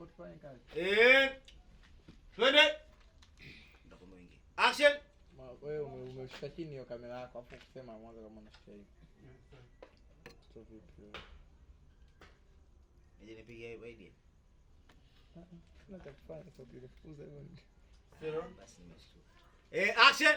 hapo tufanye kazi. Eh. Twende. Ndako mwingi. Action. Wewe umeshika chini hiyo kamera yako hapo kusema mwanzo kama unashika hivi. Sio vipi. Nije nipige hiyo idea. Ah, ah, nataka kufanya kwa bila kufuza hiyo. Sio. Basi nimeshtuka. Eh, action.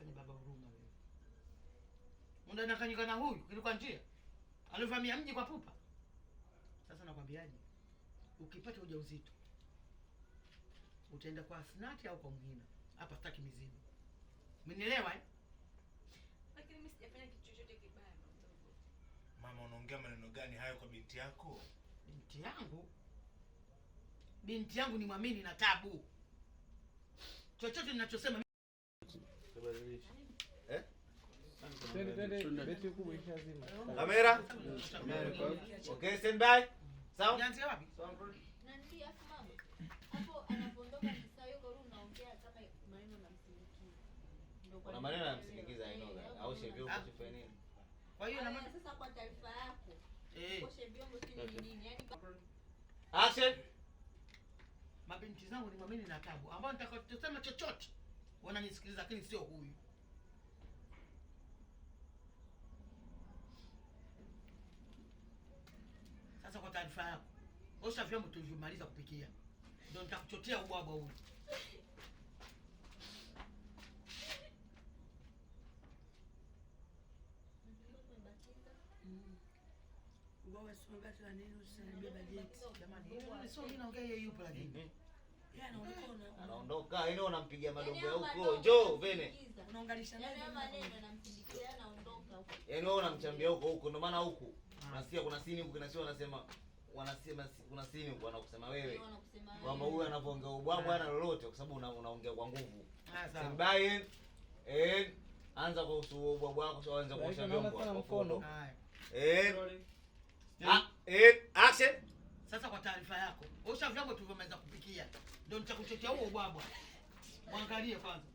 Fanya baba huruma wewe. Muda nakanyika na huyu kilikuwa njia alivamia mji kwa pupa. Sasa nakwambiaje, ukipata ujauzito utaenda kwa Asnati au kwa Mhina. Hapa sitaki mizimu, umenielewa eh? Lakini mimi sijafanya kitu chochote kibaya. Mama, unaongea maneno gani hayo kwa binti yako? Binti yangu, binti yangu ni mwamini na Tabu, chochote ninachosema Tutabadilisha. Eh? Kamera? Okay, stand by. Sawa? Nianzie maneno namsindikiza. Ndio kwa maneno au shebi huko sifanye nini? Kwa hiyo na maana sasa kwa taarifa yako. Eh. Kwa shebi huko sini nini? Yaani Action. Mabinti zangu ni mwamini na tabu. Ambao nitakao tusema chochote wananisikiliza, lakini sio huyu. Sasa kwa taarifa yako, osha vyombo tulivyomaliza kupikia, ndio nitakuchotea ubwabwa huyu. Jamani, sio mimi naongea yeye yupo lakini. Mhm anaondoka mm. yani, wanampigia yaani madogo ya huko, njoo vene, yani wao wanamchambia huko huko, ndio maana huku ah. nasikia kuna sini huko kinasio wanasema wanasema kuna sini huko wanakusema wewe kwamba huyu anavyoongea ubwabwa ah. ana lolote, kwa sababu unaongea kwa nguvu. Ah, Simbaye eh. eh, anza kwa usubwabwa wako, anza kwa ushabia mkono eh osha vyombo tulivyomaliza kupikia, ndio nitakuchotea huo ubwabwa. Mwangalie kwanza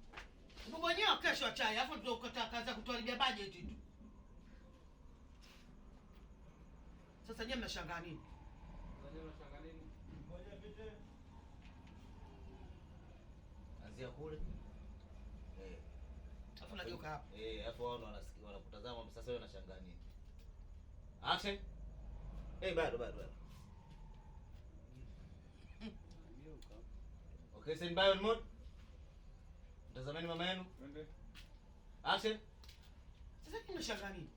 ubobonyewa kesho chai, alafu tunakata kazi ya kutuharibia tu. Sasa nyie mnashangaa nini? kule eh. hapo, eh, wao wanakutazama sasa, nini? Eh, bado bado bado Christian Bayon mode. Mtazameni mama yenu. Twende. Action. Sasa kile mnashangaa nini?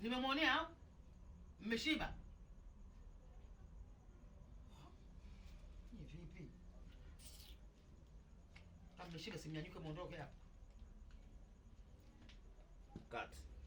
Nimemwonea au? Mmeshiba? Ni vipi? Kama mmeshika simu yanyuke muondoke hapa. Cut.